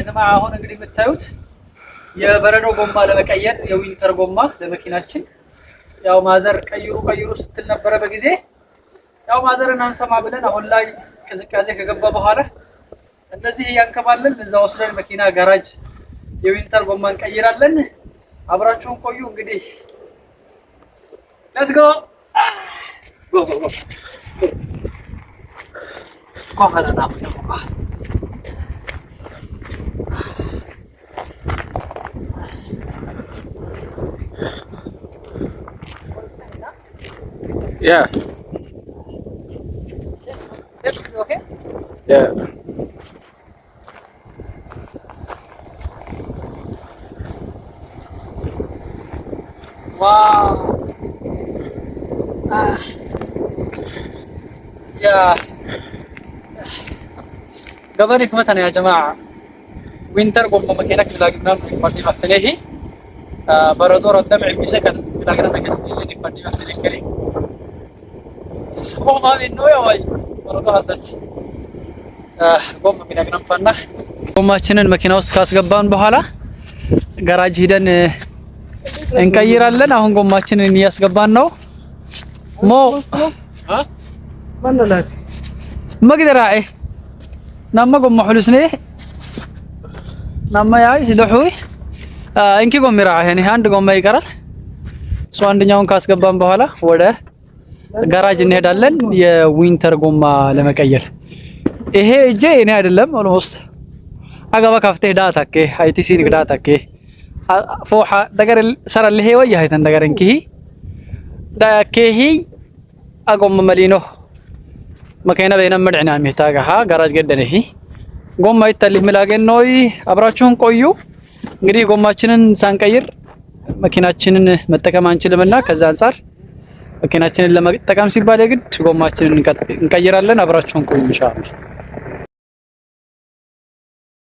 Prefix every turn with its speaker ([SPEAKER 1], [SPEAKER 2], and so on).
[SPEAKER 1] መጥማ አሁን እንግዲህ የምታዩት የበረዶ ጎማ ለመቀየር የዊንተር ጎማ ለመኪናችን ያው ማዘር ቀይሩ ቀይሩ ስትል ነበረ በጊዜ ያው ማዘርን አንሰማ ብለን አሁን ላይ ቅዝቃዜ ከገባ በኋላ እንደዚህ እያንከባለን እዛ ወስደን መኪና ጋራጅ የዊንተር ጎማ እንቀይራለን። አብራችሁን ቆዩ እንግዲህ ለስጎ ጎ ጎ ጎ Yeah. You okay? Yeah. Wow. Ah. Yeah. Gabani kumata ya, ya jamaa. Winter ko mama kena kisa lagi nam party mati mati ah, Baru tu orang tak mengisi kan? kita kena mengisi ini parti yang sedikit kering. ጎማ ቤት ነው ያው አይ ወራታለች ጎማ ቢነግረን ፈና ጎማችንን መኪና ውስጥ ካስገባን በኋላ ገራጅ ሂደን እንቀይራለን። አሁን ጎማችንን እያስገባን ነው። ሞ መግደራኤ ናማ ጎማ ሁሉስኔ ናማ ያይ ሲለሁይ እንኪ ጎሚራ አንድ ጎማ ይቀራል። እሱ አንደኛውን ካስገባን በኋላ ወደ ጋራጅ እንሄዳለን የዊንተር ጎማ ለመቀየር። ይሄ እጄ እኔ አይደለም ኦልሞስት አገባ ካፍቴ ዳታኬ አይቲሲ ሲን ግዳታኬ ፎሓ ደገር ሰራ ሰራልሄ ወይ አይተን ደገርን ኪሂ ዳኬሂ አጎማ መሊኖ መኪና በይነ ምድዕና ሚታጋሃ ጋራጅ ገደነሂ ጎማ ይታልህ ምላገን ነው። አብራችሁን ቆዩ። እንግዲህ ጎማችንን ሳንቀይር መኪናችንን መጠቀም አንችልምና ከዛ አንጻር መኪናችንን ለመጠቀም ሲባል የግድ ጎማችንን እንቀይራለን። አብራችሁን ቆዩ ኢንሻአላህ።